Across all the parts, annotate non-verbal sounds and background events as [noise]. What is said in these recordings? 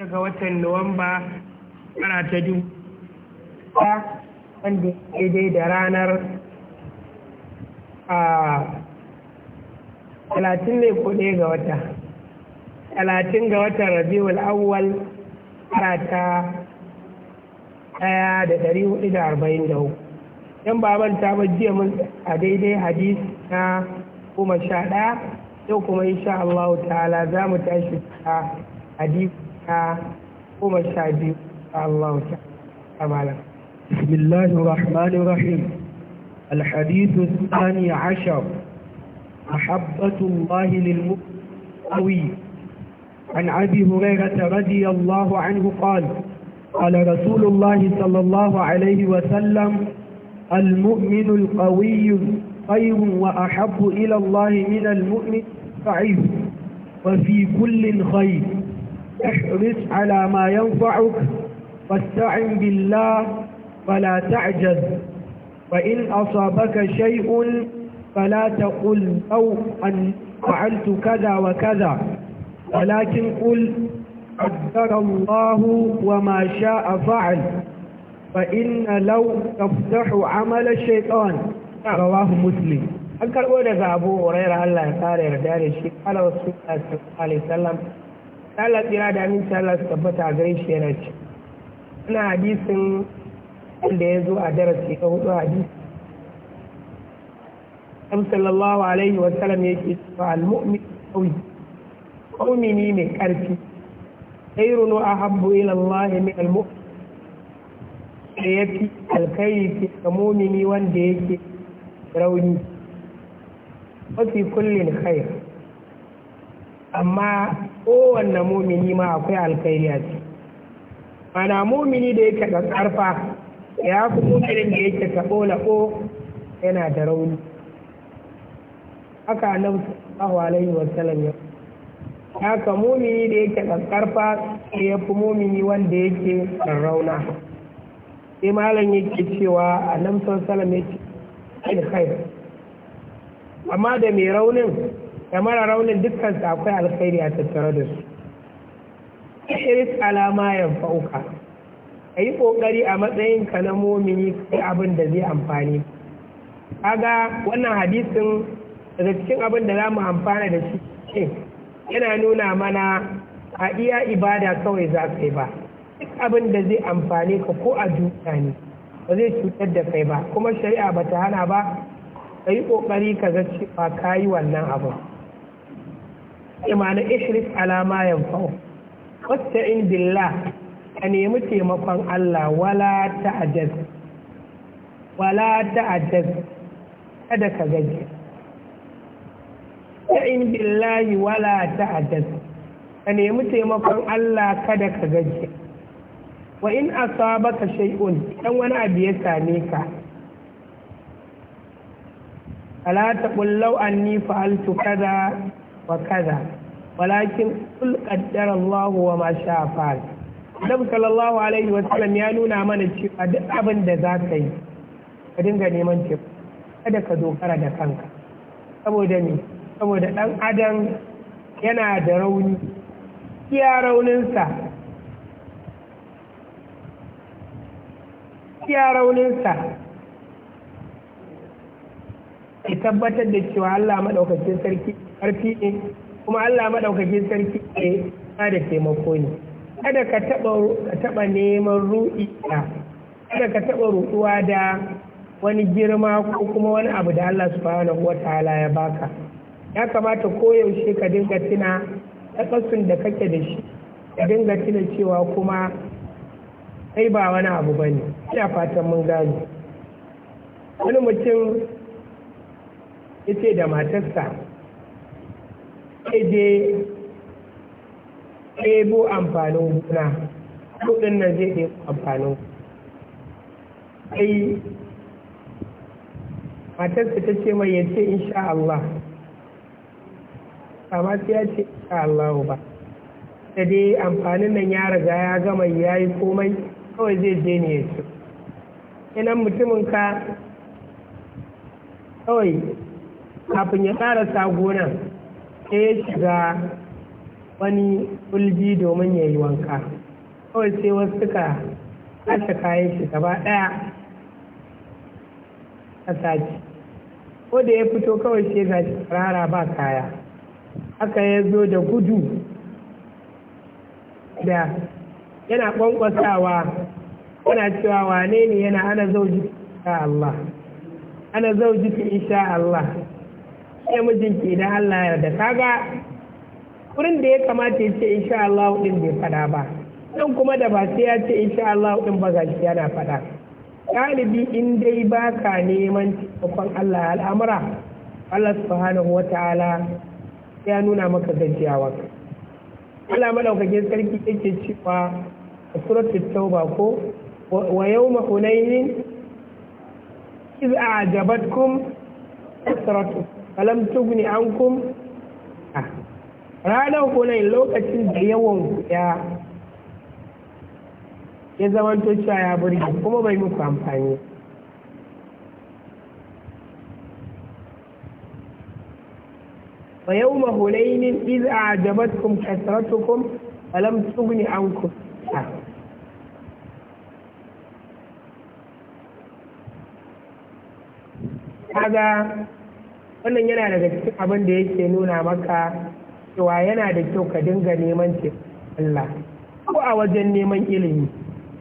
daga watan nuwamba ana ta dubu wanda daidai da ranar a talatin ne ko ɗaya ga wata talatin ga watan rabiul awwal ana ta ɗaya da ɗari hudu da arba'in da hudu yan baban ta jiya mun a daidai hadis na goma sha ɗaya yau kuma insha Allah ta'ala za mu tashi a hadisi وما goma الله biyu Allah بسم الله الرحمن الرحيم الحديث الثاني عشر محبة الله للمؤمن عن أبي هريرة رضي الله عنه قال قال رسول الله صلى الله عليه وسلم المؤمن القوي خير وأحب إلى الله من المؤمن الضعيف وفي كل خير احرص على ما ينفعك واستعن بالله فلا تعجز فإن أصابك شيء فلا تقل أو أن فعلت كذا وكذا ولكن قل قدر الله وما شاء فعل فإن لو تفتح عمل الشيطان رواه مسلم an karɓo أبو هريرة الله Allah ya kare رسول الله صلى الله عليه وسلم Allah tsira da aminci Allah su tabbata a gare shi yana ce ina hadisin wanda ya zo a darasi ta hudu hadisi Am sallallahu alaihi wa sallam yake cewa al-mu'min qawi mu'mini ne karfi khairun wa ahabbu ila Allah min al-mu'min ya fi alkhairi ga mumini wanda yake rauni wafi kullin khair amma kowanne mumini ma akwai alkhairi a ciki mana mumini da yake ƙarfa ya fi mumini da yake taɓo laɓo yana da rauni haka nan sallallahu alaihi wa sallam ya haka mumini da yake ƙarfa sai ya fi mumini wanda yake rauna sai malam yake cewa annabi sallallahu alaihi wa sallam ya ce amma da mai raunin da mara raunin dukkan su akwai alkhairi a tattare da su iris alama ya fauka a yi ƙoƙari a matsayin ka na momini kai abin da zai amfani kaga wannan hadisin daga cikin abin da za mu amfana da shi yana nuna mana a iya ibada kawai za ka yi ba duk abin da zai amfane ka ko a duniya ne ba zai cutar da kai ba kuma shari'a ba ta hana ba ka yi ƙoƙari ka ga cewa ka yi wannan abin imanin ishrif alama yanfa'u wasta'in billah ka nemi taimakon Allah wala ta'ajaz wala ta'ajaz kada ka gaji ta'in billahi wala ta'ajaz ka nemi taimakon Allah kada ka gaji wa in asabaka shay'un dan wani abu ya same ka ala ta law anni fa'altu kaza wa kaza walakin kul qaddara Allah wa ma sha'a fa'al Annabi sallallahu alaihi wa sallam ya nuna mana cewa duk abin da za ka yi ka dinga neman cewa kada ka dogara da kanka saboda ne saboda dan adam yana da rauni iya rauninsa iya rauninsa ya tabbatar da cewa Allah maɗaukacin sarki ƙarfi ne kuma Allah maɗaukaki sarki ne ba da taimako ne kada ka taba neman ruɗi da kada ka taɓa ruɗuwa da wani girma ko kuma wani abu da Allah subhanahu wataala ya baka ya kamata koyaushe ka dinga tuna takasun da kake da shi ka dinga tuna cewa kuma kai ba wani abu ba ne ina fatan mun gane wani mutum ya ce da matarsa zai je ɗebo amfanin gona kuɗin nan zai ɗebo amfanin sai matarsa ta ce mai yace insha Allah amma sai ya ce insha Allah ba da dai amfanin nan ya riga ya gama ya yi komai kawai zai je ne ya ci inan mutumin ka kawai kafin ya ƙarasa gonan sai ya shiga wani kulbi domin ya yi wanka kawai sai wasu suka kashe kayan shi gaba ɗaya a sati ko da ya fito kawai sai ga rara ba kaya haka ya zo da gudu da yana ƙwanƙwasawa yana cewa wane ne yana ana zauji insha Allah ana zauji Allah sai mijinki idan Allah ya da kaga wurin da ya kamata ya ce insha Allah din bai fada ba dan kuma da ba sai ya ce insha Allah din ba shi yana fada galibi in dai baka neman cikakon Allah al'amura Allah subhanahu wataala ya nuna maka gajiyawa Allah madaukakin sarki yake cewa suratul tauba ko wa yawma hunainin iz a'jabatkum kasratukum alam tugni ankum ah. ranar ko nan lokacin da yawan ya ya zama to cewa ya burge kuma bai muku amfani wa yau mahulainin iz a jabatkum kasratukum alam tugni ankum ah. kaga wannan yana daga cikin abin da yake nuna maka cewa yana da kyau ka dinga neman ce Allah ko a wajen neman ilimi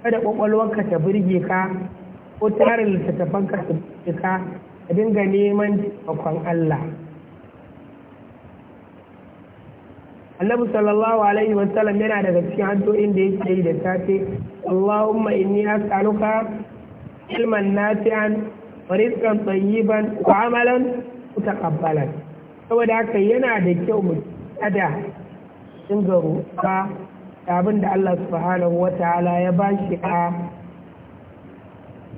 kada kwakwalwarka ta burge ka ko tarin ka ta burge ka ka dinga neman taimakon Allah annabi sallallahu alaihi wa sallam yana daga cikin addu'o'in da yake yi da safe Allahumma inni as'aluka ilman nafi'an wa rizqan tayyiban wa amalan mutakabbalan saboda haka yana da kyau mu in ga roƙa abin da Allah subhanahu wataala ya ba shi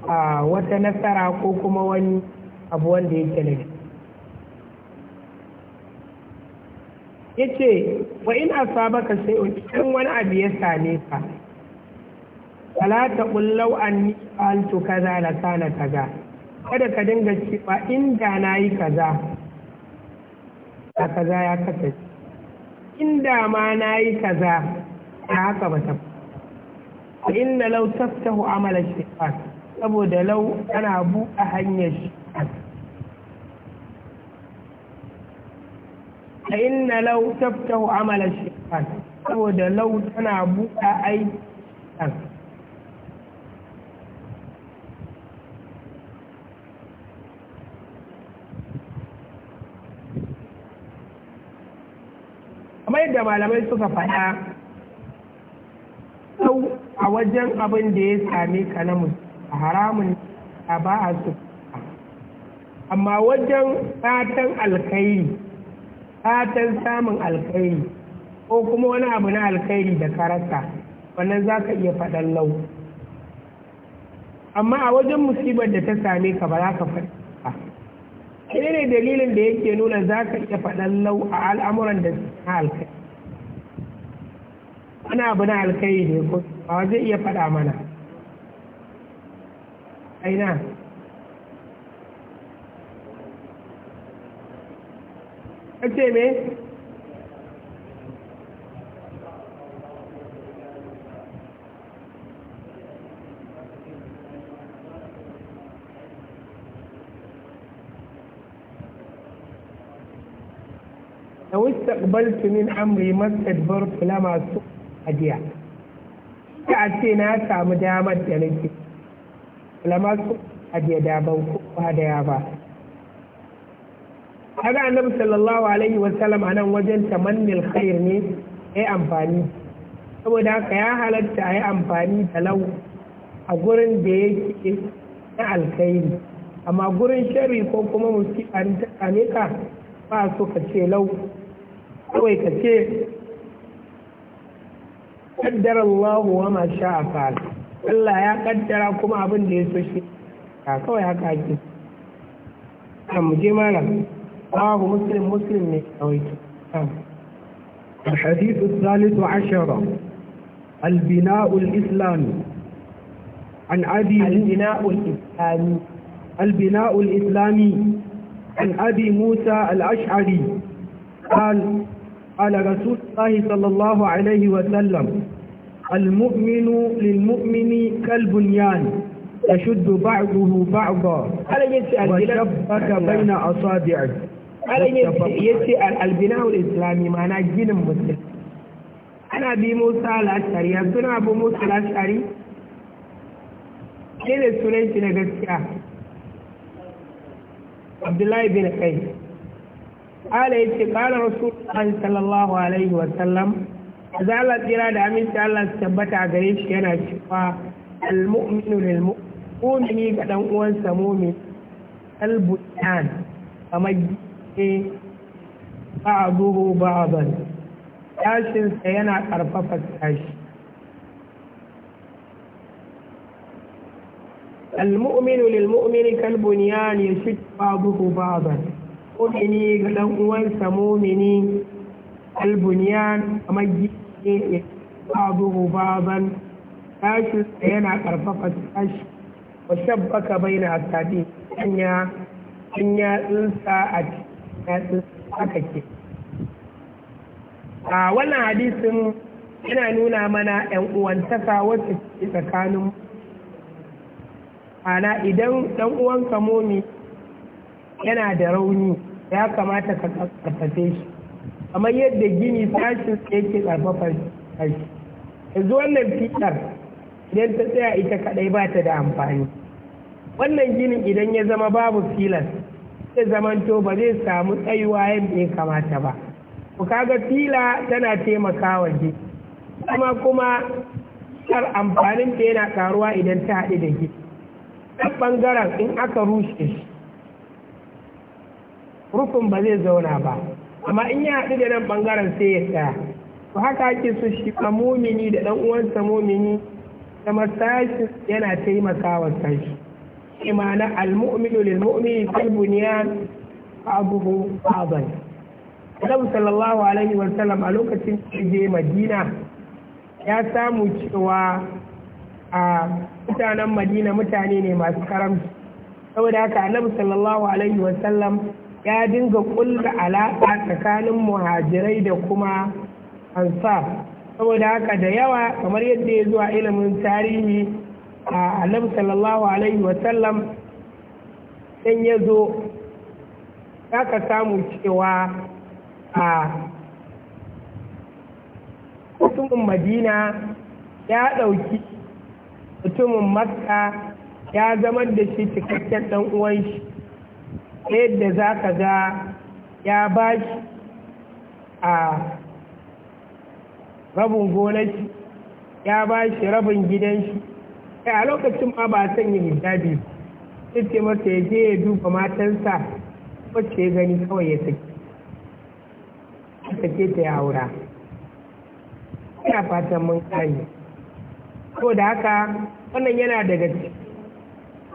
a wata nasara ko kuma wani abu wanda yake ne yace wa in asabaka sai in wani abu ya same ka ta taqul an ni fa'altu kaza la kana kaza kada ka dinga cewa inda na yi kaza a kaza ya kasance inda ma na yi kaza a haka ba ta fa inna law taftahu amala shaytan saboda lau ana buɗe hanyar shaytan fa inna law taftahu amala shaytan saboda lau tana buɗe aiki shaytan kamar yadda malamai suka faɗa sau a wajen abin da ya same ka na haramun a ba a su amma wajen fatan alkhairi fatan samun alkhairi ko kuma wani abu na alkhairi da karasa wannan za ka iya faɗan lau amma a wajen musibar da ta same ka ba za ka faɗi ba ne dalilin da yake nuna za ka iya faɗan lau a al'amuran da su? na alkai wani abu na alkai ne ko ba zai iya faɗa mana aina ce me aqbaltu min amri mastadbartu na masu adiya ta ce na samu damar da nake lama masu adiya da ban da hadaya ba kaga annabi sallallahu alaihi wa sallam anan wajen tamannil khair ne yi amfani saboda haka ya halatta a yi amfani da lau a gurin da yake na alkhairi amma gurin shari ko kuma musiba ta ka ba so ka ce lau kawai ka ce kaddara Allah wa ma sha a fa'al Allah ya kaddara kuma abin da ya so shi ka kawai haka ake Kan mu je malam babu muslim muslim ne kawai الحديث الثالث عشر البناء الإسلامي عن أبي البناء الإسلامي البناء الإسلامي عن أبي موسى الأشعري قال على رسول الله صلى الله عليه وسلم المؤمن للمؤمن كالبنيان يشد بعضه بعضا وشبك بين أصابعه yace albinahul islami mana ginin musulmi ana bi musa lashari yanzu na bi musa lashari ne sunan shi na gaskiya abdullahi bin kai قال قال رسول الله صلى الله عليه وسلم إذا الله جرى دامين تعالى سبت عقريش كان المؤمن للمؤمن قدم قوان سمومي البتان فمجيه بعضه بعضا كاشن سينا أرفف الساش المؤمن للمؤمن كالبنيان يشد بعضه بعضا mu'mini ga dan uwansa mu'mini albunyan kamar gine babu baban tashi yana karfafa tashi wa shabbaka baina asadi hanya in tsinsa a cikin haka ke a wannan hadisin yana nuna mana yan uwantaka wacce ke tsakanin ana idan dan uwanka yana da rauni ya kamata ka karfafe shi kamar yadda gini sashin yake tsarfafar shi yanzu wannan fitar idan ta tsaya ita kadai ba ta da amfani wannan ginin idan ya zama babu filas zai zamanto ba zai samu tsayuwa yadda ya kamata ba ku kaga fila tana taimakawa ji kuma kuma fitar amfanin ta yana karuwa idan ta haɗu da gini ɗan ɓangaren in aka rushe shi Rufin ba zai zauna ba amma in ya haɗu da nan ɓangaren sai ya tsaya to haka ake so shi ka mumini da ɗan uwansa mumini da masashi yana taimakawa sashi imana al-mu'minu lil mu'mini fil bunyan abuhu azan Annabi sallallahu alaihi wa sallam a lokacin je Madina ya samu cewa a mutanen Madina mutane ne masu karamci saboda haka Annabi sallallahu alaihi wa sallam ya dinga ƙulla alaƙa tsakanin muhajirai da kuma ansa saboda haka da yawa kamar yadda ya zuwa ilimin tarihi a annabi sallallahu alaihi wasallam dan ya zo za ka samu cewa a mutumin madina ya ɗauki mutumin makka ya zama da shi cikakken ɗan uwan ta yadda za ka ga ya ba shi a rabin shi ya ba shi rabin gidanshi eh, a lokacin ma ba san yi hijabi sai ce masa ya je ya duba matansa wacce ya gani kawai ya saki sake ta ya aura ina fatan mun ko da haka wannan yana daga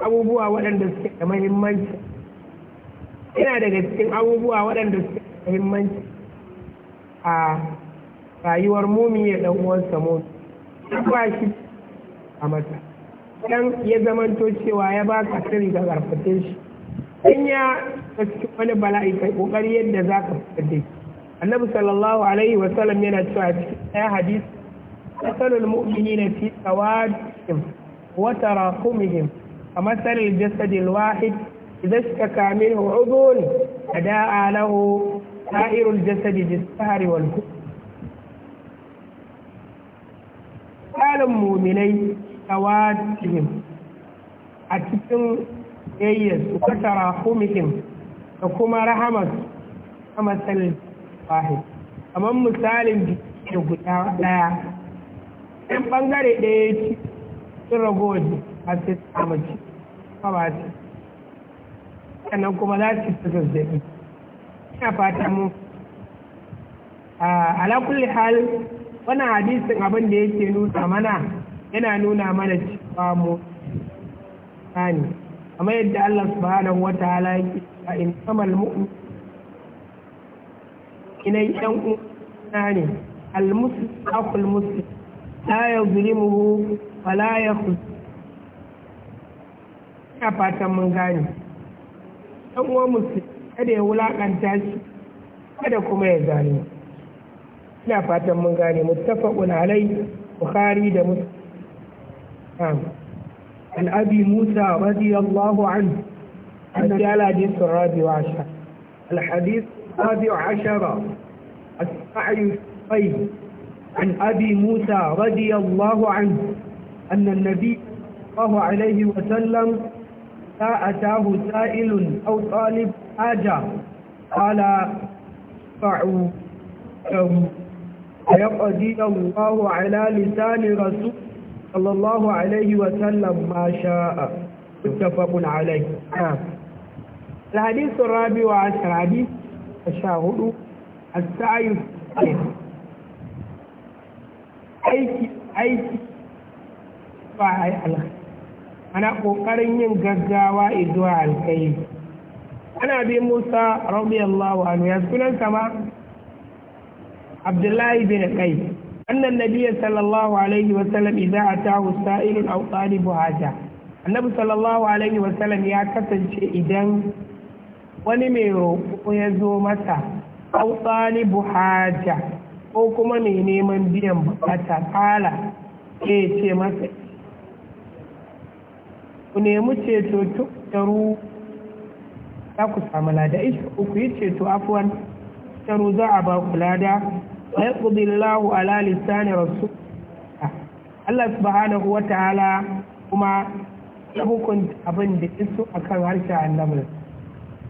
abubuwa waɗanda suke da mahimmanci yana daga cikin abubuwa waɗanda suke muhimmanci a rayuwar mumi ya ɗan uwansa mumi ba shi a mata dan ya zamanto cewa ya ba ka sirri ga karfafe shi in ya cikin wani bala'i kai kokari yadda za ka fadde annabi sallallahu alaihi wa sallam yana cewa cikin ɗaya hadisi masalul mu'minina fi tawadihim wa tarahumihim a masalul jasadil wahid إذا اشتكى منه عضو تداعى له سائر الجسد بالسهر والكسل قال المؤمنين توادهم أتتم إيس خمهم وكما رحمت كمثل واحد kamar misalin da لا ɗaya ɗan ɓangare ɗaya ci sun ragowar a sai samu ci ba ba sannan kuma za su fi zazzabi ina fata mu ala kulli hal wannan hadisin abin da yake nuna mana yana nuna mana cewa mu ne kamar yadda Allah subhanahu wa ta'ala yake a in kamal mu'min inai yan uwa ne almuslim akul muslim la yazlimuhu wa la yakhuz ina fatan mun gane ɗan uwa musu kada ya wulaƙanta shi kada kuma ya zane ina fatan mun gane muttafaqun alai bukhari da muslim an abi musa radiyallahu anhu an jala sun rabi wa ashar al hadith rabi wa ashara as-sa'y طيب عن أبي موسى رضي الله عنه أن النبي صلى الله عليه وسلم أتاه سائل أو طالب حاجة قال فعوا فيقضي الله على لسان رسول صلى الله عليه وسلم ما شاء متفق عليه نعم. الحديث الرابع عشر حديث الشاهد السعي أي أي فعي الخير ana ƙoƙarin yin gaggawa zuwa alkai ana bi musa radiyallahu anhu ya sunan ma abdullahi bin kai annan nabiyya sallallahu alaihi wa sallam idza atahu sa'ilun aw talibu haja annabi sallallahu alaihi wa sallam ya kasance idan wani mai roƙo ya zo masa aw talibu haja ko kuma mai neman biyan bukata kala ke ce masa ku nemi ceto taru za ku samu lada ishe ku yi ceto afuwan taru za a ba ku lada wa ya ƙudillahu ala lissani rasu Allah subhanahu wa ta'ala kuma ya hukunta abin da isu a kan harshen annabin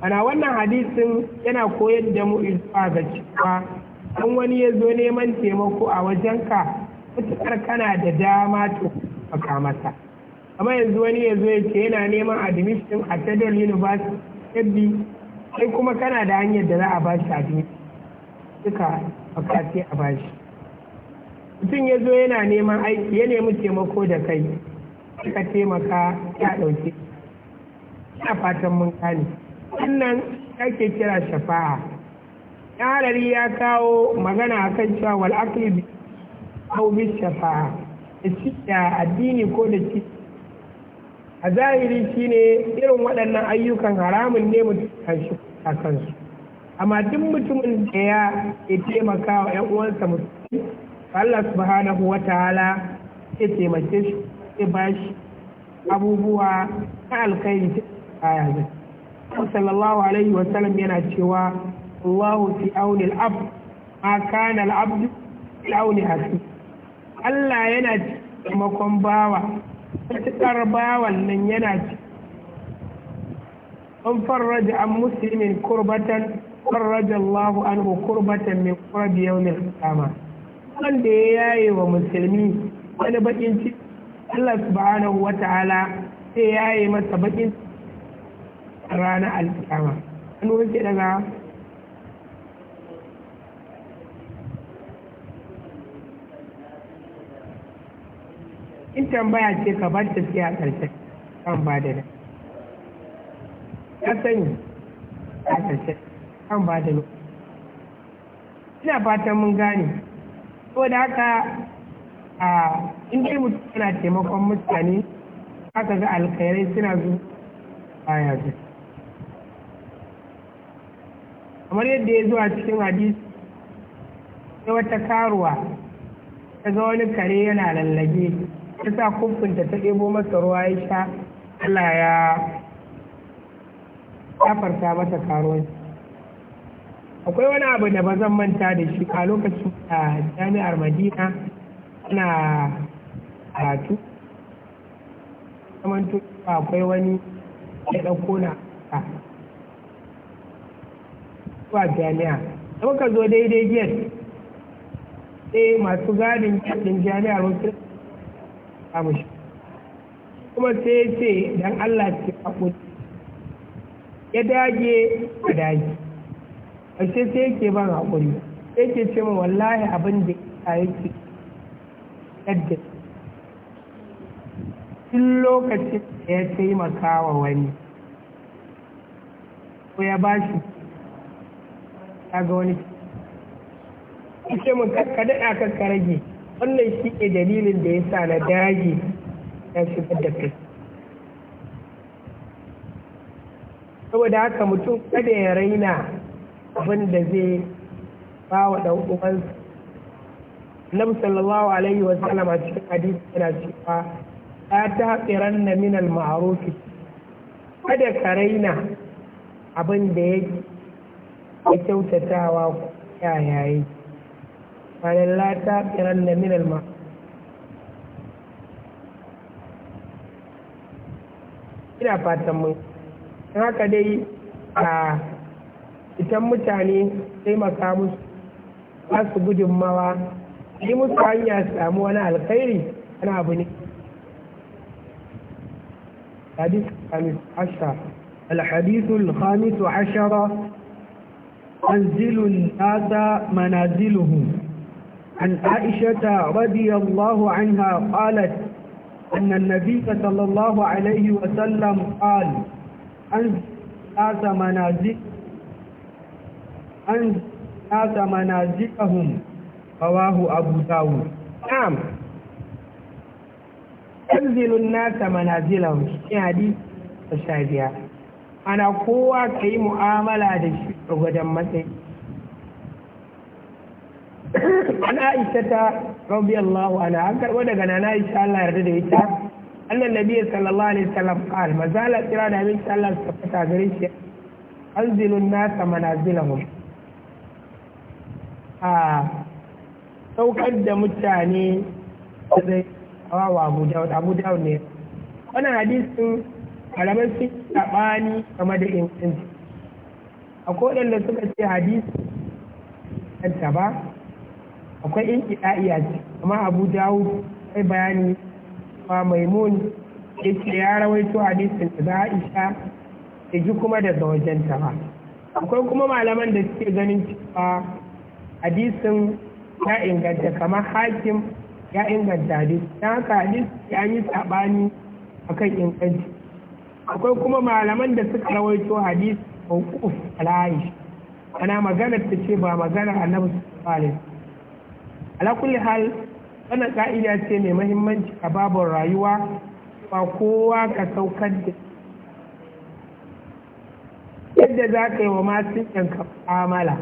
ana wannan hadisin yana koyar da mu izuwa ga cewa don wani ya zo neman taimako a wajenka mutukar kana da dama to maka masa amma yanzu wani ya zo ya ce yana neman admission a federal university yabbi sai kuma kana da hanyar da za a bashi admission duka bukati a bashi mutum ya zo yana neman aiki ya nemi taimako da kai ka taimaka ya ɗauke ina fatan mun kane. wannan ake kira shafa'a yarari ya kawo magana a kan cewa wal aqli bi shafa'a da addini ko da cikin a zahiri shine irin waɗannan ayyukan haramun ne mutum a kansu amma duk mutumin da ya taimaka wa 'yan uwansa musulmi Allah subhanahu wa ta'ala ke taimake shi ba bashi abubuwa na alkhairi ta yanzu sallallahu alaihi wa sallam yana cewa Allahu fi auni al ma kana al abdu, fi auni akhi Allah yana taimakon bawa matuƙar bawan nan yana ci an farraja an musulmin kurbatan farraja Allahu an kurbatan min qurbi mai qiyama wanda ya yaye wa musulmi wani bakin ciki Allah subhanahu wa ta'ala sai yaye masa bakin ranar alƙama an wuce daga in tambaya ce ka ba ta sai a ƙarshen kan ba da ya sani a ƙarshe kan ba da ina fatan mun gane da haka a in dai mutum suna taimakon mutane aka ga alkhairai suna zo a yanzu. kamar yadda ya zuwa cikin hadisi sai wata karuwa ta ga wani kare yana lallage ta sa kumfinta ta ɗebo masa ruwa ya sha Allah ya kafarta mata shi. akwai wani abu da ba zan manta da shi a lokacin a jami'ar madina ana karatu kamanto akwai wani ya ɗauko na zuwa jami'a da muka zo daidai gate sai masu gadin jami'ar wasu mashi kuma sai ce dan Allah ce hakuri ya dage a dage ashe sai yake ban hakuri ke ce min wallahi abin da ya yake yadda tun lokacin da ya taimaka wa wani ko ya ba shi ya ga wani ce mu ka daɗa rage wannan shi ke dalilin da ya sa na dage na shigar da kai saboda haka mutum kada ya raina abin da zai ba wa ɗan uwansa annabi sallallahu alaihi wa sallam a cikin hadisi yana cewa ta taqiran na min al ma'ruf kada ka raina abin da yake kyautatawa ko yayaye قال لا تاكلن من الماء ina fatan mun haka dai a idan mutane taimaka musu ba su gudun mawa yi musu hanya su samu wani alkhairi ana abu ne الحديث الخامس عشر الحديث الخامس منزل الناس منازلهم عن عائشة رضي الله عنها قالت أن النبي صلى الله عليه وسلم قال أنزل ناس منازل أنزل ناس منازلهم رواه أبو داود نعم أنزل الناس منازلهم شيء حديث الشافعي أنا قوة كي معاملة da shi a wajen matsayi an aisha ta radiyallahu ana an karɓo daga nana aisha Allah yarda da ita annan nabiyyi sallallahu alaihi wasallam qal mazala kira da min Allah ta fata gare shi anzilun nasa manazilahum a saukar da mutane zai kawawa Abu Dawud Abu Dawud ne wannan hadisin malaman sun sabani game da inganci akwai waɗanda suka ce hadisi ta ba akwai in kiɗa'iya ce amma abu dawo sai bayani ma maimun ya ce ya rawaito hadisin da aisha ya ji kuma daga wajenta ba akwai kuma malaman da suke ganin cewa hadisin ya inganta kamar hakim ya inganta hadis don haka hadis ya yi saɓani a kan inganci akwai kuma malaman da suka rawaito hadis ko al-aish ana magana ta ce ba magana annabi sallallahu alaihi ala kulli hal wannan ka'ida ce mai mahimmanci a babin rayuwa ba kowa ka saukar da yadda za ka yi wa masu yanka mu'amala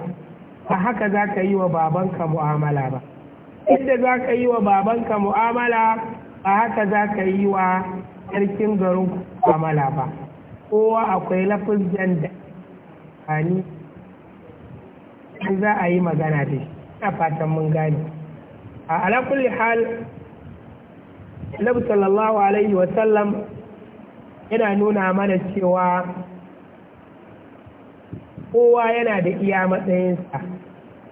ba haka za ka yi wa babanka mu'amala ba yadda za ka yi wa babanka mu'amala ba haka za ka yi wa sarkin garin mu'amala ba kowa akwai lafizan da ani za a yi magana da shi ina fatan mun gane a ala kulli hal nabi sallallahu alaihi wasallam yana nuna mana cewa kowa yana da iya matsayinsa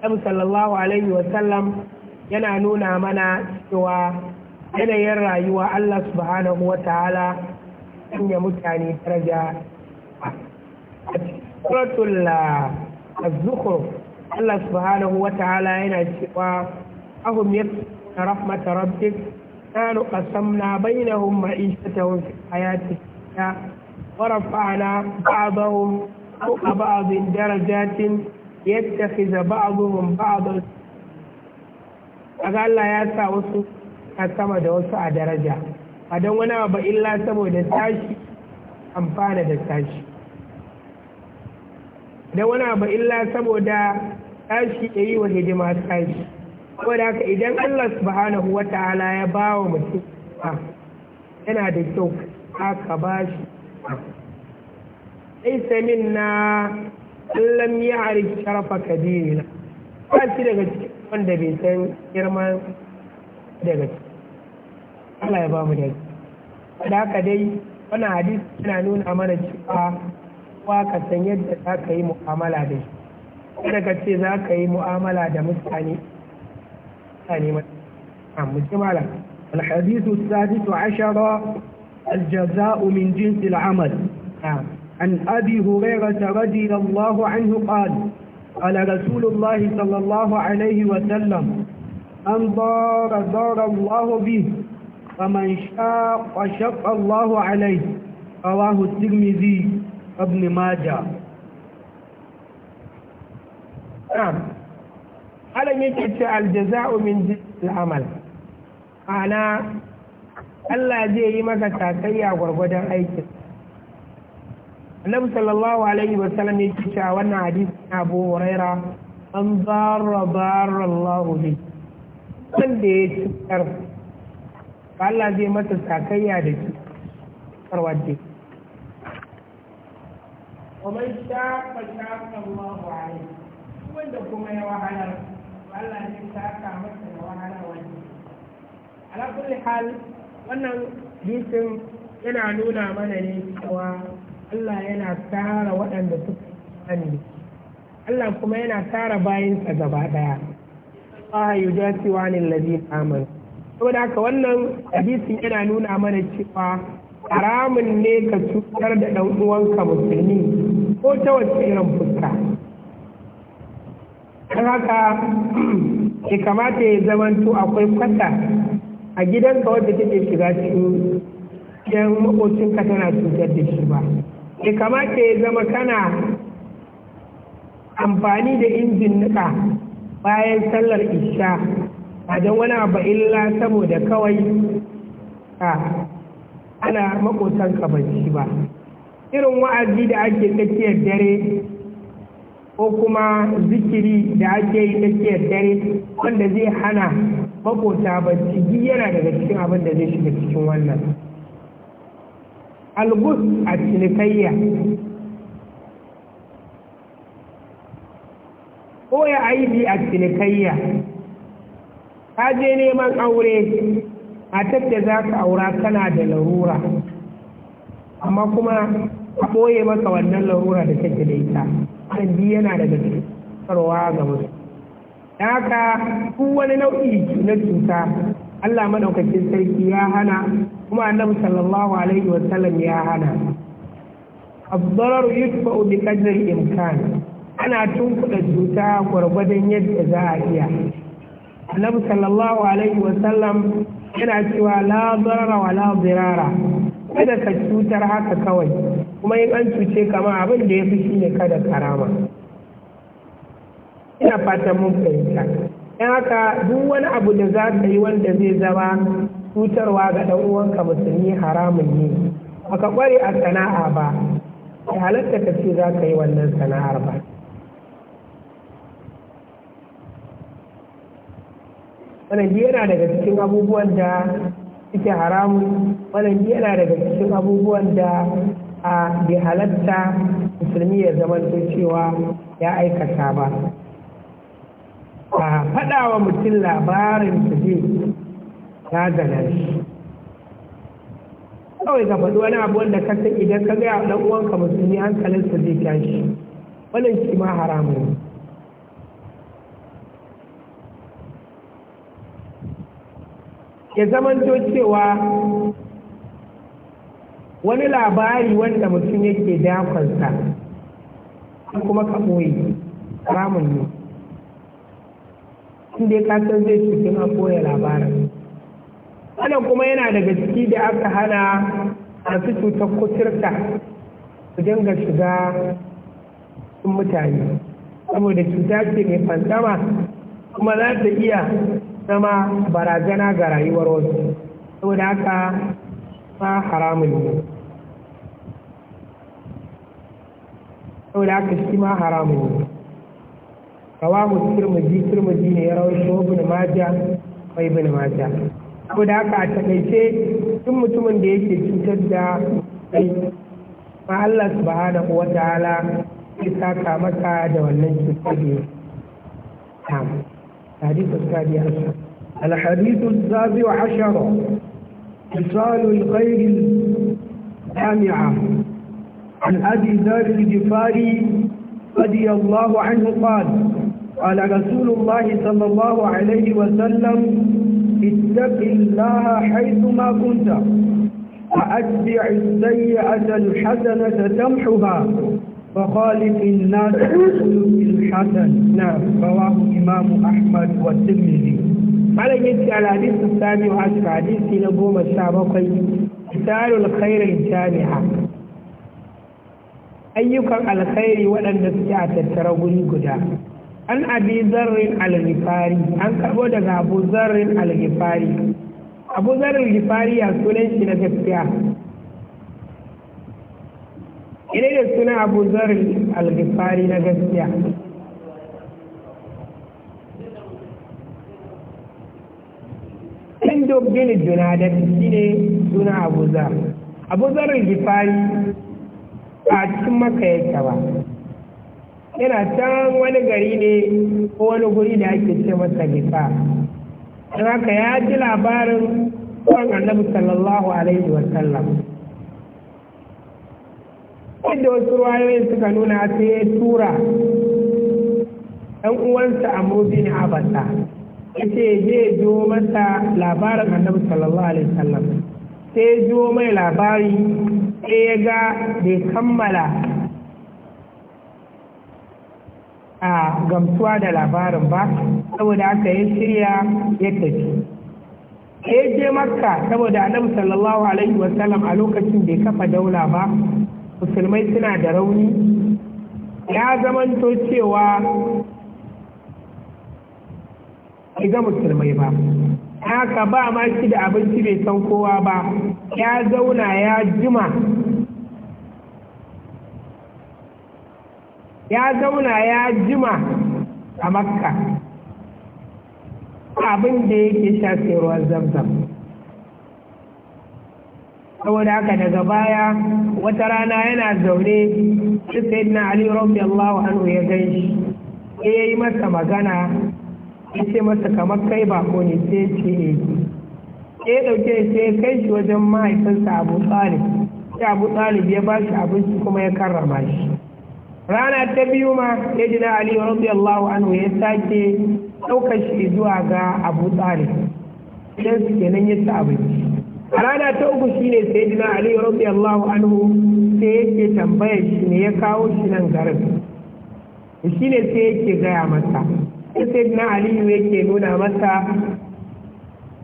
nabi sallallahu alaihi wasallam yana nuna mana cewa yanayin rayuwa Allah subhanahu wa ta'ala sanya mutane daraja a suratul uh, Allah subhanahu wa ta'ala yana cewa أهم يكفي رحمة ربك قالوا قسمنا بينهم معيشتهم في الحياة الدنيا ورفعنا بعضهم فوق بعض درجات يتخذ بعضهم بعضا kaga Allah ya sa wasu a sama da wasu a daraja a don wani abu illa saboda tashi amfana da tashi da wani abu illa saboda tashi ya yi wa hidima tashi saboda haka idan Allah subhanahu wa ta'ala ya ba wa mutum yana da kyau aka ba shi na minna lam ya'rif sharafa kabirina ba shi daga cikin wanda bai san girman daga cikin Allah ya ba mu da da haka dai wani hadisi yana nuna mana cewa wa ka san yadda za ka yi mu'amala da shi kada ka ce za ka yi mu'amala da mutane نعم amma malam الحديث السادس عشر الجزاء من جنس العمل نعم. عن أبي هريرة رضي الله عنه قال قال رسول الله صلى الله عليه وسلم أن ضار ضار الله به فمن شاق شق الله عليه رواه الترمذي ابن ماجه نعم alam yake ce aljaza'u min jinsil amal ana Allah zai yi maka takayya gwargwadon aikin annabi sallallahu alaihi wa sallam yake cewa wannan hadisi na Abu Huraira an barra barra Allah bi wanda ya ci kar Allah zai masa takayya da shi karwar ومن شاق شاق الله عليه wanda kuma ya wahalar Allah ta saka masa da wahala wani ala kulli hal wannan hadisin yana nuna mana ne cewa Allah yana tara waɗanda suka sani Allah kuma yana tara bayansa gaba daya Allah yujati wa anil ladina amanu saboda haka wannan hadisin yana nuna mana cewa haramun ne ka cutar da ɗan uwanka musulmi ko ta wace irin fuska don haka ki [clears throat] kamata ya zamanto akwai kwata a gidanka wadda take shiga cikin yan makocinka tana cutar da shi ba ya kamata ya zama kana amfani da injin nika bayan sallar isha a don wani abu illa saboda kawai a ana makotanka ba shi ba irin wa'azi da ake tsakiyar dare ko kuma zikiri da ake yi tsakiyar dare wanda zai hana makota bacci ciki yana daga cikin abin da zai shiga cikin wannan algus a cinikayya ko ya aibi a cinikayya ka je neman aure a tafiya za ka aura kana da larura amma kuma a ɓoye maka wannan larura da take da ita wannan bi yana da gaske. tsarwa ga mutum da haka duk wani nau'i na cuta Allah madaukakin sarki ya hana kuma annabi sallallahu alaihi wa sallam ya hana الضرر يدفع بقدر الإمكان ana tunkuɗa cuta gwargwadon yadda za a iya annabi sallallahu alaihi yana cewa la zarara wa la zirara kada ka cutar haka kawai kuma in an cuce kama abin da ya fi shi ne kada karama ina fatan mun fahimta ɗan haka duk wani abu da za ka yi wanda zai zama cutarwa ga ɗan uwanka musulmi haramun ne ka kware a sana'a ba ya halatta ka ce za ka yi wannan sana'ar ba wannan yana daga cikin abubuwan da suke haramun wannan yana daga cikin abubuwan da a bai halatta musulmi ya zama cewa ya aikata ba a faɗa wa mutum labarin tuje ta gana shi kawai ka faɗi wani abu wanda ka san idan ka gaya ɗan uwanka musulmi hankalin su zai tashi wannan shi ma haramun ya zama cewa wani labari wanda mutum yake dakonsa kuma ka ɓoye ne inda ya kasar zai cikin a koya labarin wannan kuma yana daga ciki da aka hana masu cutar kuturta su dinga shiga sun mutane saboda cuta ce mai fantama kuma za ta iya zama barazana ga rayuwar wasu saboda haka ma haramun ne أو لاكس كما حرامه رواه الترمذي الترمذي نه يروى شو ابن ماجه وي ابن ماجه أبو داك أتكيسي ثم مطمئن ديك تشتد أي ما الله سبحانه وتعالى كسا كما كاد ولن تشتد نعم الحديث الثاني الحديث السابع عشر إيصال الخير الجامعة عن أبي ذر الجفاري رضي الله عنه قال قال رسول الله صلى الله عليه وسلم اتق الله حيثما كنت وأتبع السيئة الحسنة تمحها وخالف الناس بخلق الحسن نعم رواه الإمام أحمد والترمذي على يدي على حديث الثاني وعشر حديث نبوة الشعب وقي الخير الجامعة ayyukan alkhairi waɗanda suke a tattara guri guda an abi zarrin alghifari an karbo daga abu zarrin alghifari abu zarrin alghifari ya sunan shi na gaskiya ina da sunan abu zarrin alghifari na gaskiya Hindu bin Junadati shi ne suna abuza. Zar. Abu Gifari ba a cikin maka yake ba yana can wani gari ne ko wani guri da ake ce masa bisa don haka ya ji labarin kan annabi sallallahu alaihi wa sallam. wanda wasu ruwayoyin suka nuna sai ya tura ɗan uwansa a mubin abasa ya ce je jo masa labarin annabi sallallahu alaihi wa sallam. sai jo mai labari ɗaya ga bai kammala a gamsuwa da labarin ba saboda aka yi shirya ya tafi ya je makka saboda annabi sallallahu alaihi wasallam a lokacin bai kafa daula ba musulmai suna da rauni ya zamanto cewa ga musulmai ba haka ba ma shi da abinci bai san kowa ba ya zauna ya jima ya zauna ya jima a makka abin da yake shafe ruwan zamzam saboda haka daga baya wata rana yana zaune sai na ali allahu anhu ya gan shi ya yi masa magana ya ce masa kamar kai bako ne sai ce eh, ya dauke shi ya kai shi wajen mahaifinsa abu talib shi abu talib ya ba shi abinci kuma ya karrama shi rana ta biyu ma ya jina ali radiyallahu anhu ya sake ɗaukar shi zuwa ga abu talib idan su kenan ya ci abinci a rana ta uku shine sai jina ali radiyallahu anhu sai yake tambayar shi ne ya kawo shi nan garin shi ne sai yake gaya masa sai jina aliyu yake nuna masa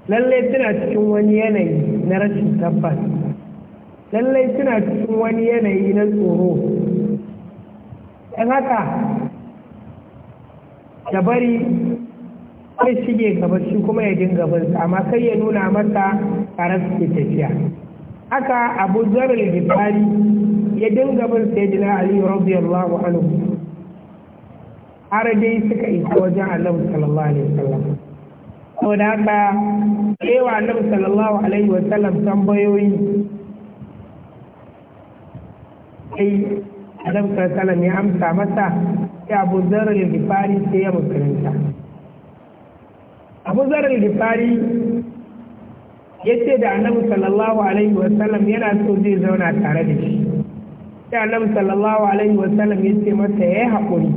lallai suna cikin wani yanayi na rashin tabbas lallai suna cikin wani yanayi na tsoro ɗan haka da bari sai shige gaba shi kuma ya dinga bin amma kai ya nuna masa tare suke tafiya haka abu zarar gifari ya dinga bin sayyidina ali radiyallahu anhu har dai suka isa wajen annabi sallallahu alaihi wasallam ko da haka kewa annabi sallallahu alaihi wa sallam tambayoyi sai annabi sallallahu ya amsa masa ya abu zarar gifari sai ya musulunta abu zarar gifari ya ce da annabi sallallahu alaihi wa sallam yana so zai zauna tare da shi sai annabi sallallahu alaihi wa sallam ya ce masa ya yi haƙuri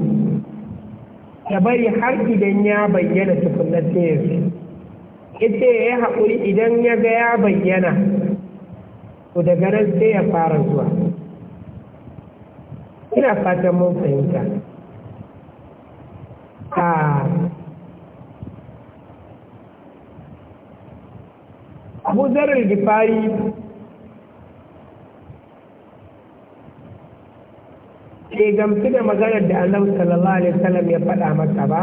ta bari har idan ya bayyana tukunan sai ita ya yi haƙuri idan ya ga ya bayyana to daga nan sai ya fara zuwa ina fatan mun fahimta abu zarar gifari ke gamsu da maganar da annabi sallallahu alaihi wasallam ya faɗa maka ba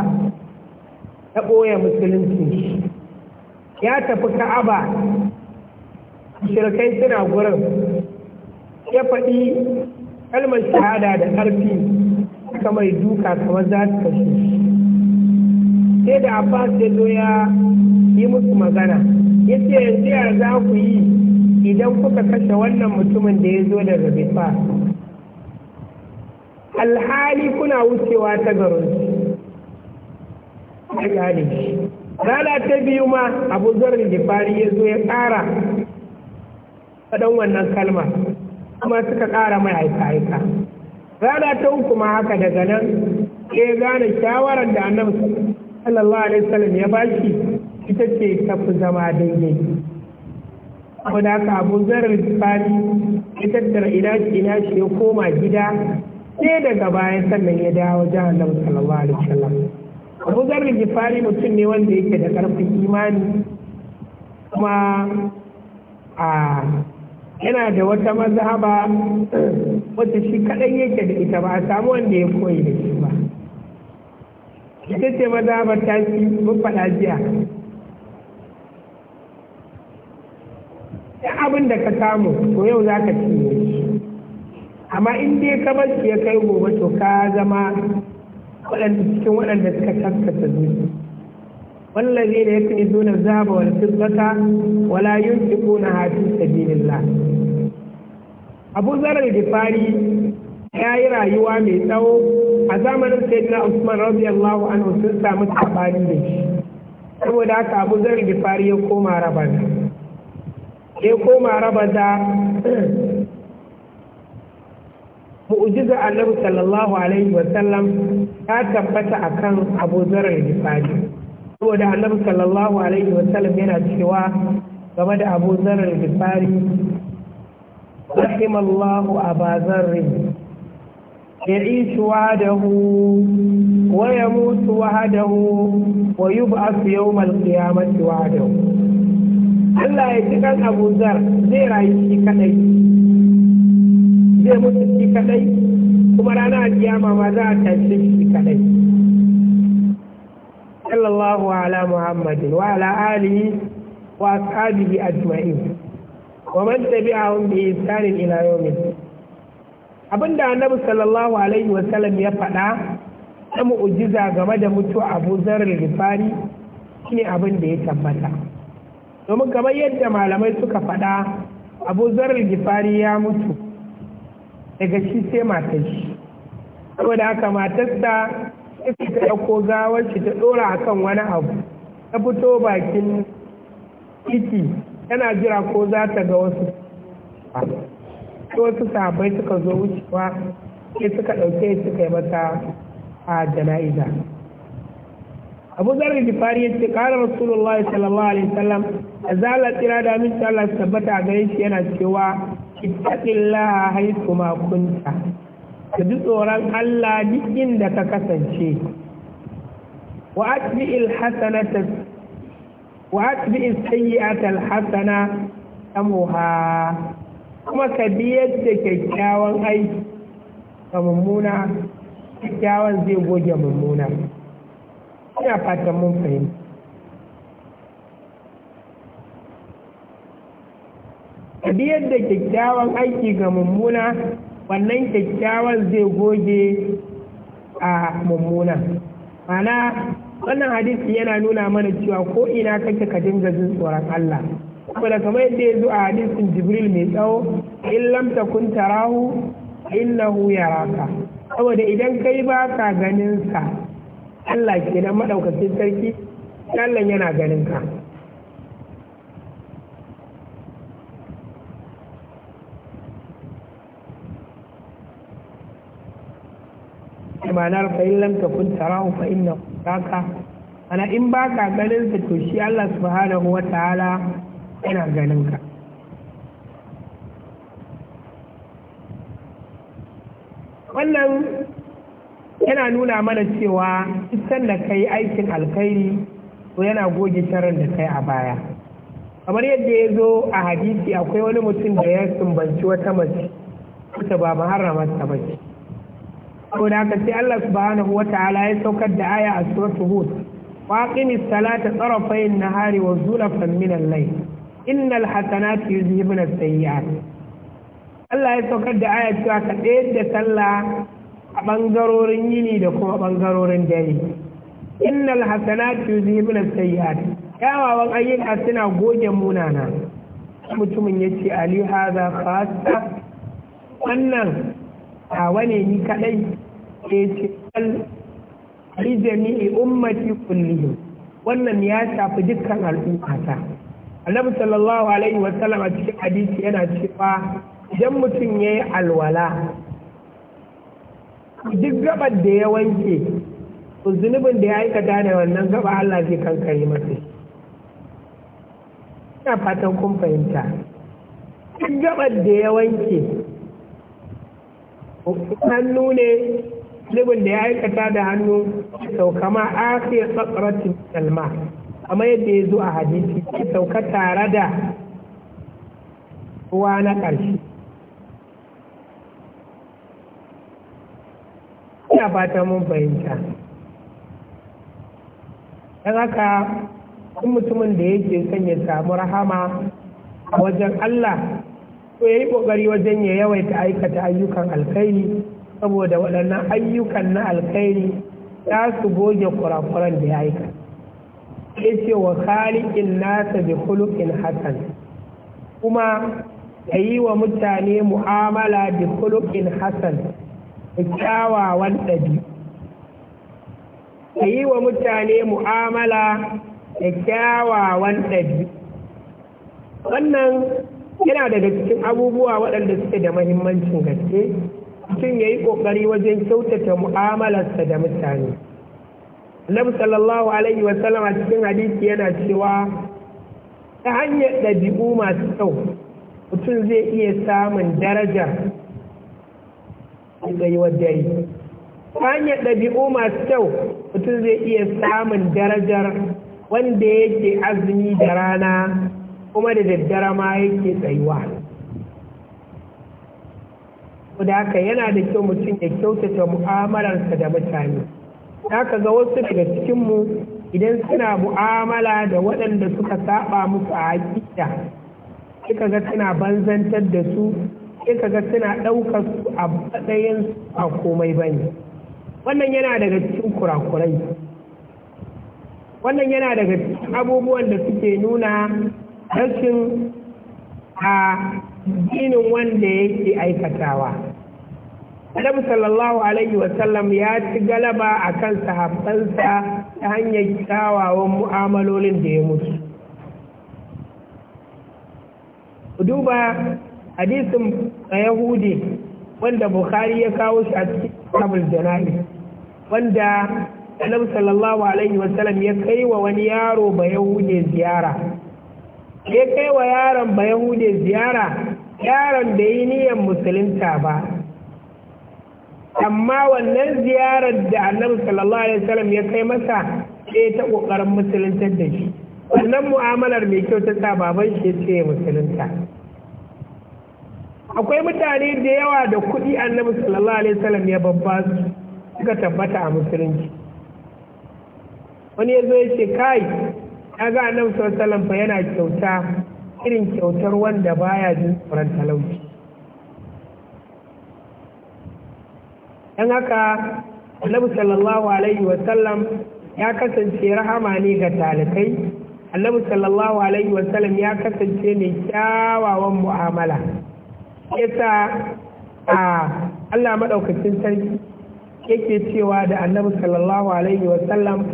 ta ɓoye musulunci ya tafi ka'aba shirkai suna gurin ya faɗi kalmar shahada da ƙarfi aka mai duka kamar za su kashe sai da abbas ya zo ya yi musu magana ya ce yanzu ya za ku yi idan kuka kashe wannan mutumin da ya zo daga bifa alhali kuna wucewa ta garin a gane rana ta biyu ma abu zarar da fari ya zo ya ƙara faɗan wannan kalma kuma suka ƙara mai aika-aika rana ta uku ma haka daga nan ya gane shawarar da annabi sallallahu alaihi wasallam ya bashi ita ce ta fi zama daidai saboda aka abu zarar fari ya tattara ina shi ya koma gida sai daga baya sannan ya dawo jahannam sallallahu alaihi wasallam abu zarri gifari mutum ne wanda yake da karfin imani kuma a yana da wata mazhaba wata shi kaɗan yake da ita ba a samu wanda ya koyi da shi ba ita ce ba ta ci mun faɗa jiya abin da ka samu to yau za ka ci amma in dai ka bar shi ya kai gobe to ka zama waɗanda cikin waɗanda suka taskata zuci wallazi da yake zo zaba wal fiddata wala na hafi sabilillah Abu Zarar Gifari ya yi rayuwa mai tsawo a zamanin Sayyidina Usman radiyallahu anhu sun samu sabani da shi saboda haka Abu Zarar Gifari ya koma rabata ya koma rabata mu'jiza annabi sallallahu alaihi wa sallam ta tabbata akan Abu Dharr al-Ghifari saboda annabi sallallahu alaihi wa sallam yana cewa game da Abu Dharr al-Ghifari rahimallahu Abu Dharr يعيش وحده ويموت وحده ويبعث يوم القيامة وحده Allah ya ji kan Abu Zar zai rayu shi kadai zai mutu shi kadai kuma rana kiyama ma za a tashi shi kadai sallallahu ala muhammadin wa ala alihi wa ashabihi ajma'in wa man tabi'ahum bi ihsanin ila yawmin abinda annabi sallallahu alaihi wa sallam ya faɗa ta mu'ujiza game da mutu abu zarar rifari shine abin da ya tabbata domin kamar yadda malamai suka faɗa abu zarar rifari ya mutu daga shi sai matar shi saboda haka matarsa sai ta ɗauko gawar shi ta ɗora a kan wani abu ta fito bakin titi tana jira ko za ta ga wasu wasu sabai suka zo wucewa sai suka ɗauke suka yi mata a jana'iza abu zarar gifari ya ce kara rasulullahi sallallahu alaihi wasallam a zalar tsira da aminci allah tabbata a gare shi yana cewa ittaqillaha ma kunta ka ji tsoron Allah duk inda ka kasance wa atbi'il hasanata wa atbi'is sayyi'ata alhasana amuha kuma ka bi yadda kyakkyawan aiki ga mummuna kyakkyawan zai goge mummuna ina fatan mun fahimta ka yadda da kyakkyawan aiki ga mummuna wannan kyakkyawan zai goge a mummuna mana wannan hadisi yana nuna mana cewa ko ina kake ka dinga jin tsoron Allah da kamar yadda ya zo a hadisin jibril mai tsawo in lam takun tarahu innahu yaraka saboda idan kai ba ka ganin sa Allah kenan madaukakin sarki Allah yana ganin ka ma'anar fa'in lam takun tarahu fa inna raka ana in ba ganin ka to shi Allah subhanahu wa ta'ala yana ganin ka wannan yana nuna mana cewa isan da kai aikin alkhairi to yana goge sharan da kai a baya kamar yadda ya zo a hadisi akwai wani mutum da ya sumbanci wata mace wata ba maharamar ta mace saboda haka sai Allah subhanahu wa ta'ala ya saukar da aya a suratul hud wa aqimis salata tarafay an-nahari wa zulafan min al-layl innal hasanati yuzhibuna as-sayyi'at Allah ya saukar da aya cewa ka da sallah a bangarorin yini da kuma bangarorin dare innal hasanati yuzhibuna as-sayyi'at kyawawan ayyuka suna goge munana mutumin yace ali hadha khassa wannan a wane ni kadai yace al jami'i ummati kullihim wannan ya shafi dukkan al'ummata annabi sallallahu alaihi wa sallam a cikin hadisi yana cewa idan mutum yayi alwala duk gabar da ya wanke to zunubin da ya aikata da wannan gaba Allah zai kankare masa ina fatan kun fahimta duk gabar da ya wanke hannu ne zubin da ya aikata da hannu sauka ma akhir tsatsaratin salma amma yadda ya zo a hadisi sauka tare da ruwa na ƙarshe ina fata mun fahimta don haka kun mutumin da yake son ya samu rahama a wajen Allah ko ya yi ƙoƙari wajen ya yawaita aikata ayyukan alkhairi saboda waɗannan ayyukan na alkhairi za su goge kurakuran da ya aika ya ce wa khaliqin nasa bi kulukin hasan kuma ya yi wa mutane mu'amala bi kulukin hasan da kyawawan ɗabi. ya yi wa mutane mu'amala da kyawawan ɗabi. wannan yana daga cikin abubuwa waɗanda suke da mahimmancin gaske mutum ya yi ƙoƙari wajen kyautata mu'amalarsa da mutane annabi sallallahu alaihi wasallam a cikin hadisi yana cewa ta hanyar ɗabi'u masu kyau mutum zai iya samun daraja a wa dare ta hanyar ɗabi'u masu kyau mutum zai iya samun darajar wanda yake azumi da rana kuma da daddare ma yake tsayuwa da haka yana da kyau mutum ya kyautata mu'amalarsa da mutane za ka ga wasu daga cikinmu idan suna mu'amala da waɗanda suka saba musu a hakika sai ka ga suna banzantar da su sai ka ga suna ɗaukar su a matsayin a komai ba ne wannan yana daga cikin kurakurai wannan yana daga cikin abubuwan da suke nuna rashin a ginin wanda yake aikatawa annabi sallallahu alaihi wasallam ya ci galaba a kan sahabbansa ta hanyar kyawawan mu'amalolin da ya mutu duba hadisin a yahudi wanda bukhari ya kawo shi a cikin abul jana'i wanda annabi sallallahu alaihi wasallam ya kai wa wani yaro ba yahude ziyara ya kai wa yaron ba yahude ziyara yaron da yi niyan musulunta ba amma wannan ziyarar da annabi sallallahu alaihi wasallam ya kai masa ke ta kokarin musuluntar da shi wannan mu'amalar mai kyau ta sa baban shi ce ya musulunta akwai mutane da yawa da kuɗi annabi sallallahu alaihi wasallam ya babba su suka tabbata a musulunci wani ya zo ya ce kai ya ga annabi sallallahu alaihi wasallam fa yana kyauta irin kyautar wanda baya jin tsoron talauci don haka annabi sallallahu alaihi wasallam ya kasance rahama ne ga talikai annabi sallallahu alaihi wasallam ya kasance mai kyawawan mu'amala yasa a Allah maɗaukacin sarki yake cewa da annabi sallallahu alaihi wasallam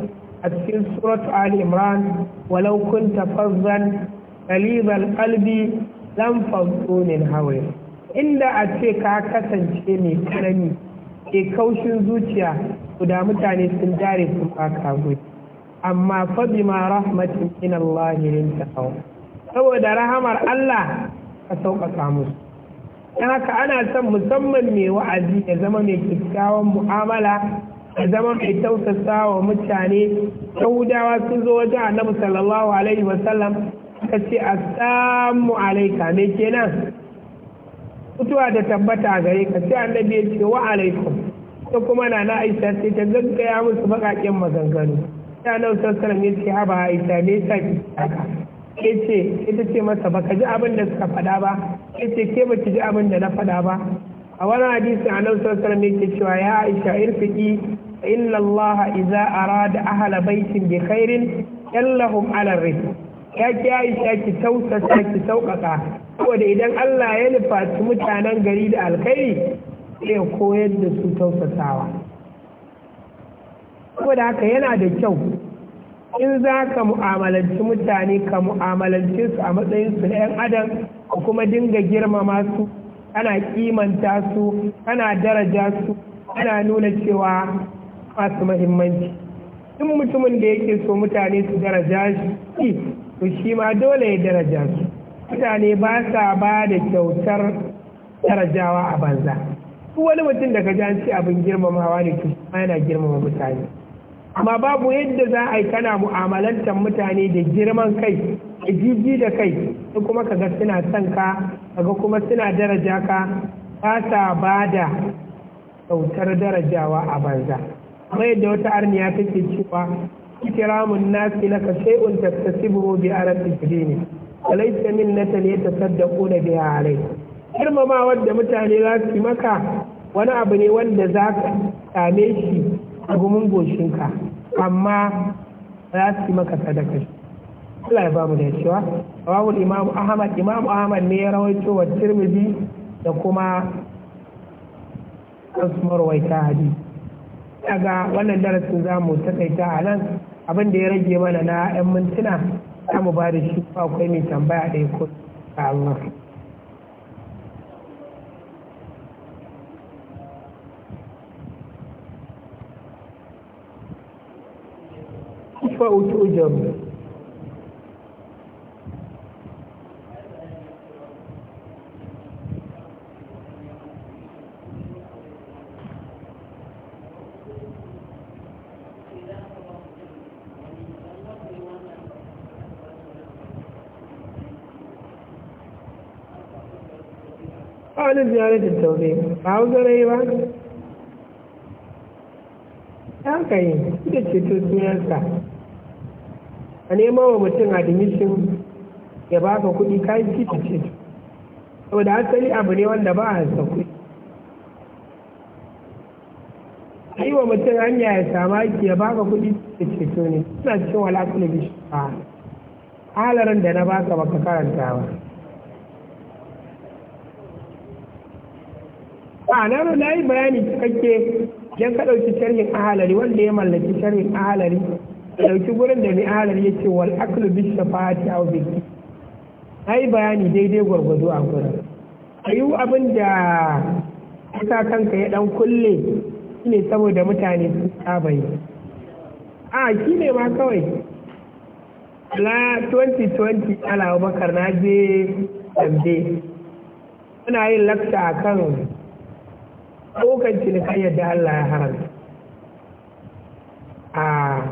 a cikin suratu ali imran walau kunta fazzan qalibal qalbi lam faddu min inda a ce ka kasance mai karami ke kaushin zuciya guda mutane sun dare sun baka gudu amma fa ma rahmatin lahirin ta hau saboda rahamar Allah ka sauƙaƙa musu don haka ana son musamman mai wa'azi ya zama mai kyakkyawan mu'amala ya zama mai tausasa wa mutane yahudawa sun zo wajen annabi sallallahu alaihi wasallam ka ce assalamu alaika me kenan mutuwa da tabbata gare ka sai annabi ya ce wa alaikum ta kuma na na aisha sai ta gaggaya musu baƙaƙen maganganu ta nan sassanin ya ce haba aisha ne sa ki haka ke ce ita ce masa baka ji abin da suka faɗa ba ke ce ke baki ji abin da na faɗa ba a wani hadisi a nan sassanin ya ke cewa ya aisha irfiki inna Allah iza arada ahla baitin bi khairin yallahum ala rizq ya ki aisha ki tausasa ki sauƙaƙa saboda idan Allah ya nufaci mutanen gari da alkhairi ya koyar da su tausasawa saboda haka yana da kyau in za ka mu'amalanci mutane ka mu'amalanci su a matsayin su na 'yan adam ka kuma dinga girmama su ana kimanta su ana daraja su ana nuna cewa masu mahimmanci in mutumin da yake so mutane su daraja shi to shi ma dole ya daraja su mutane ba sa ba da kyautar darajawa a banza duk wani mutum da ka ci abin girmamawa ne to yana girmama mutane amma babu yadda za a yi kana mu'amalantar mutane da girman kai a jiji da kai sai kuma kaga suna son ka kaga kuma suna daraja ka ba sa ba da kyautar darajawa a banza amma yadda wata arniya take cewa kiramun nasi laka shay'un taktasibu bi arabi ne alaisa millata ne ta saddaku da biya alai girmama wanda mutane za su yi maka wani abu ne wanda za ka same shi a gumin goshinka amma za su yi maka sadaka shi Allah ya ba mu da cewa rawul imam ahmad imam ahmad ne ya rawaito wa tirmidhi da kuma wasu marwaita hadisi daga wannan darasin zamu mu takaita a nan abin da ya rage mana na 'yan mintuna za mu ba da shi ko akwai mai tambaya da ya ko Allah fa utu ujaru misalu ziyaratul tauhid a hausa rai ba ya ka yi da ceto sunansa a nema wa mutum admission ya kudi kuɗi kayan fita ceto saboda asali abu ne wanda ba a hasa a yi wa mutum hanya ya sama aiki ya baka kuɗi da ceto ne suna cikin walakulu bishi a halarin da na baka baka karanta ba Aa na yi bayani cikakke idan ka ɗauki sharhin ahalari wanda ya mallaki sharhin ahalari ɗauki gurin da mai ahalari ya ce wal aklu bi shafa'ati aw bi na bayani daidai gwargwado a gurin ayu abin da ka kanka ya dan kulle shine saboda mutane su saba yi a shi ma kawai la 2020 ala bakar na je tambe muna yin lakta akan. kan ɗaukan cinikayyar da Allah ya haramta a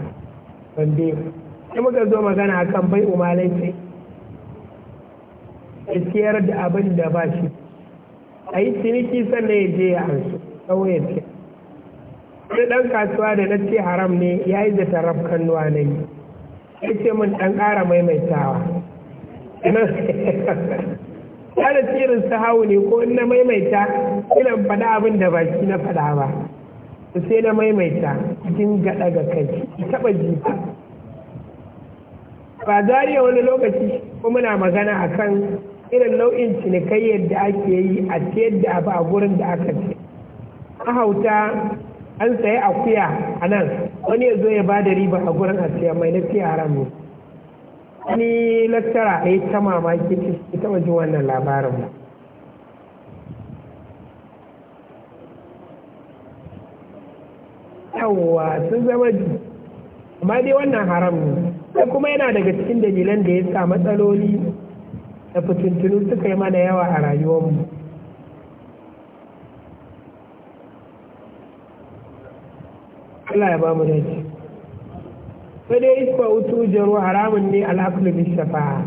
wande sai muka zo magana a kan bai umalai ce ya siyar da abin da ba shi a yi ciniki sannan ya je ya ansu ya ce wani ɗan kasuwa da na ce haram ne ya yi da taraf kanuwa na yi ya ce min ɗan ƙara maimaitawa [laughs] ya da cirin sahau ne ko in na maimaita ina faɗa abin da baki na faɗa ba sai na maimaita cikin gaɗa ga kai taɓa jita ba zariya wani lokaci kuma muna magana a kan irin nau'in cinikayyar da ake yi a siyar da abu a gurin da aka ce hauta an sayi akuya a nan wani ya zo ya ba da riba a gurin a siya mai nafi haram ne wani lattara a yi ta mamaki ta taɓa wannan labarin ba yawwa sun zama ji amma dai wannan haram ne sai kuma yana daga cikin dalilan da ya sa matsaloli da fitintunu suka yi mana yawa a rayuwarmu Allah ya ba mu dace sai dai isfa utu jaro haramun ne shafa bis alaikum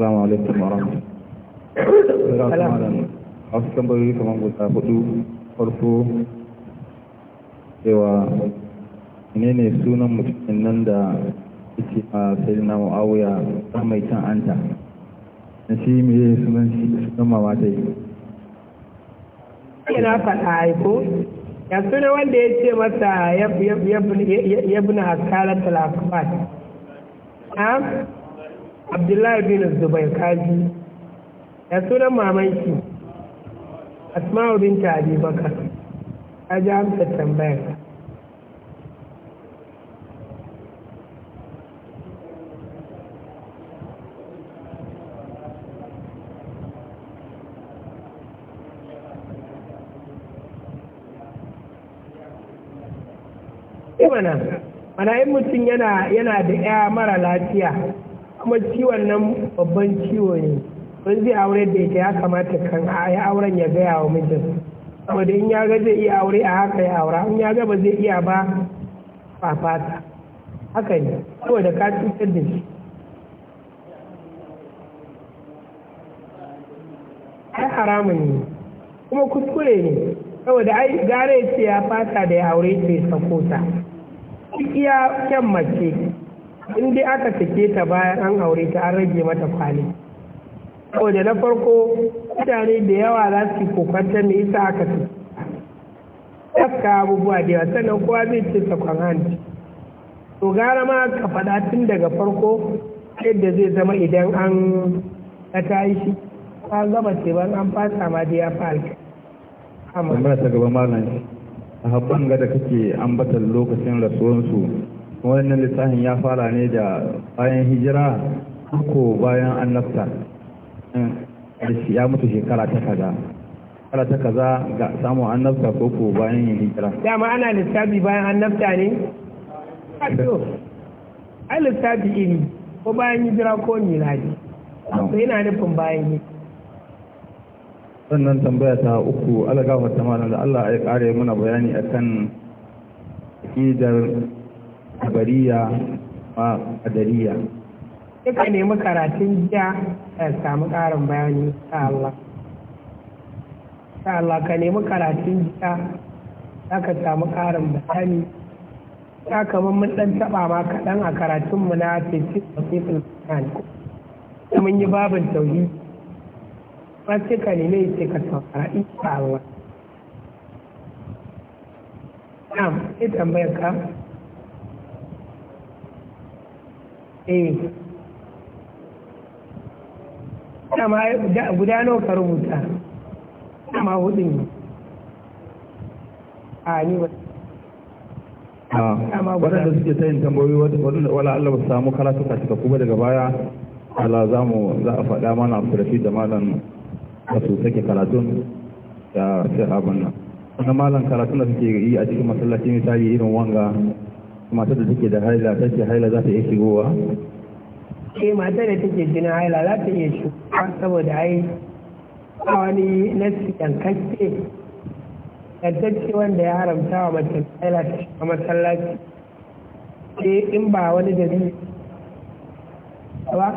السلام عليكم ورحمة alaikum. a wasu tambayoyi kamar guda hudu farko cewa menene sunan mutumin nan da yake a na ma'awuya ta mai can anta na shi yi sunan sunan mama ta yi ina faɗa aiko ya suna wanda ya ce masa ya na haskarar talakubat abdullahi bin zubai kaji ya sunan mamaki. asma'u binta abi bakar a ji amsar tambayar eh, mana mana in mutum yana da ya mara lafiya kuma ciwon nan babban ciwo ne in zai aure da ita ya kamata kan ya auren ya gaya wa mijin saboda in ya ga zai iya aure a haka ya aura in ya ga ba zai iya ba fafata haka ne saboda ka cutar da shi ai haramun ne kuma kuskure ne saboda ai gare ce ya fata da ya aure ce sakota iya kyan mace in dai aka sake ta bayan an aure ta an rage mata kwali saboda na farko mutane da yawa za su kokwanta mai isa aka fi tafka abubuwa da yawa sannan kowa zai ce sakon hanci to gara ma ka faɗa tun daga farko yadda zai zama idan an ta shi ka gama ce ban an fasa ma da ya fi amma ta gaba malam a haɓɓan ga da kake ambatar lokacin rasuwansu wannan lissafin ya fara ne da bayan hijira ko bayan annabta ya mutu shekara ta kaza kala ta kaza ga samun annabta ko ko bayan yin hijira dama ana lissafi bayan annabta ne a lissafi iri ko bayan hijira ko miladi ko yana nufin bayan hijira sannan tambaya ta uku alagafar ta malam da Allah ya kare mana bayani akan idar abariya ma adariya sai ka nemi karatun jiya ka samu ƙarin bayani ta Allah ta Allah ka nemi karatun jiya za ka samu ƙarin bayani ta kamar mun ɗan taɓa ma kaɗan a karatunmu na fitin da fitin da mun yi babin tauri. ba sai ka nemi ce ka saurara insha Allah na'am sai tambayar ka eh dama guda nawa ka rubuta dama hudu ne a ni ba waɗanda suke ta yin tambayoyi waɗanda wala Allah ba su samu karatuka cika kuma daga baya Allah za mu za a faɗa mana Abdurrafi da malam da su sake karatun da sai abin nan wannan malam karatun da suke yi a cikin masallaci misali irin wanga matar da take da haila ta ce haila za ta iya shigowa eh mata da take jinin haila za ta iya shuka saboda ai a wani nasi yankakke yantacce wanda ya haramta wa mace haila ta shiga masallaci sai in ba wani dalili ba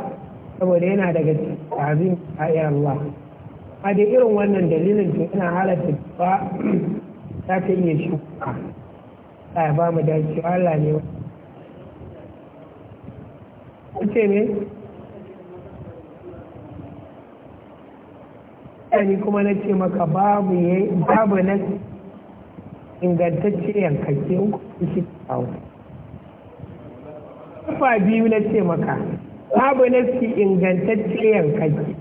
saboda yana daga cikin a Allah a da irin wannan dalilin to yana halatta ba za ta iya shi Ba ba mu dacewa Allah ne wani ce ne ni kuma na ce maka babu ya babu na ingantacce yankake uku shi kawo kafa biyu na ce maka babu na fi ingantacce yankake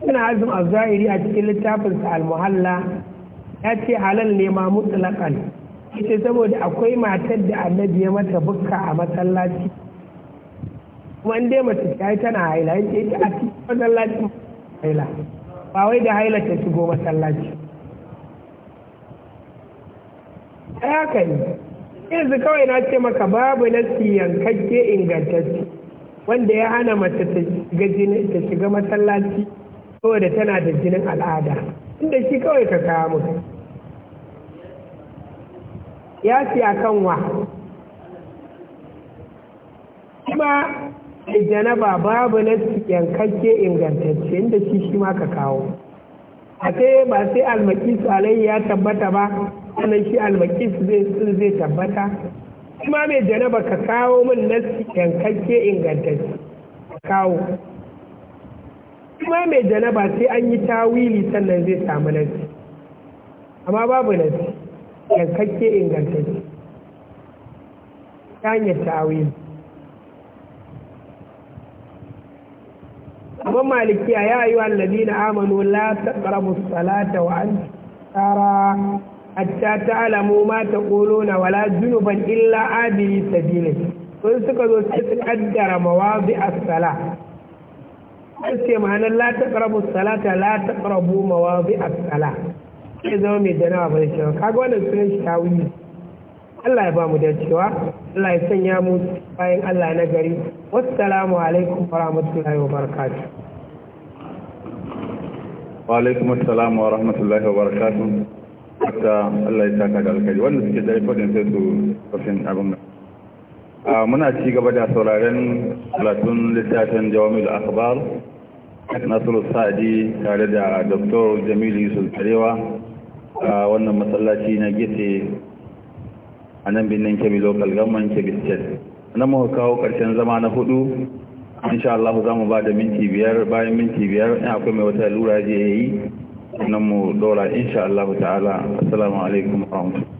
suna azum a zahiri a cikin littafinsa al-muhalla ya ce halal ne ma mutlaqan ita saboda akwai matar da annabi ya mata bukka a masallaci kuma in dai mace ta yi tana haila ya ce a cikin masallaci haila ba wai da haila ta shigo masallaci ta haka ne yanzu kawai na ce maka babu siyan yankakke ingantacce wanda ya hana mace ta shiga masallaci saboda tana da jinin al'ada inda shi kawai ka kawo mutum Ya a kan wa kuma janaba babu na yankakke ingantacce inda shi shi ma ka kawo a sai ba sai almakis alai ya tabbata ba sannan shi almakis zai zai tabbata kuma mai janaba ka kawo min na yankakke ingantacce kawo kuma mai janaba sai an yi tawili sannan zai samu nasi amma babu nasi yankakke ingantacce ta hanyar ta'awili amma maliki ya yi wa na amanu la taqrabu salata wa an tara ta ta'lamu ma na wala junuban illa abiri sabili sun suka zo sai su kaddara mawazi a sala sai ma'anar la taqrabu salata la taqrabu mawazi a sala zai zama mai jana'a ba da cewa kaga wannan sunan shi ta wuyi Allah ya ba mu da cewa Allah ya sanya mu bayan Allah na gari wassalamu alaikum wa rahmatullahi wa barakatuh wa alaikum assalam wa rahmatullahi wa barakatuh hatta Allah ya saka da alkhairi wanda suke da rifadin sai su kafin abin nan ah, muna ci gaba da sauraren karatun littafin jawamil akhbar nasiru sa'adi tare da dr jamilu yusuf tarewa a wannan matsalaci na gefe a nan birnin kebi local government kebbi state nan muka kawo ƙarshen zama na hudu insha Allah za mu ba da minti biyar bayan minti biyar in akwai mai wata lura je yayi yi nan mu dora insha Allah ta'ala assalamu alaikum wa rahmatullahi